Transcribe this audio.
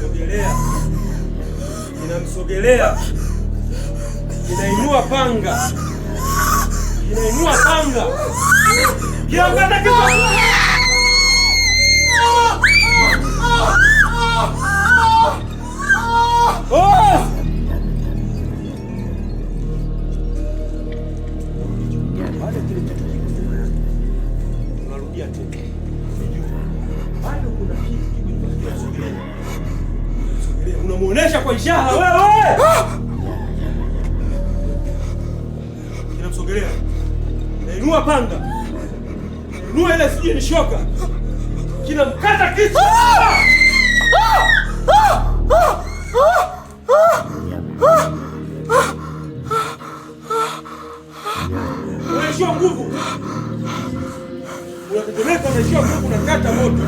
Sogelea, inamsogelea, inainua panga, inainua panga, oh! tena. unamuonesha kwa ishara ah! wewe. Kinamsogelea, ah! nainua panga, nainua ile sijui ni shoka, kinamkata kichwa. Unaishiwa nguvu, unatetemeka, unaishiwa nguvu, unakata moto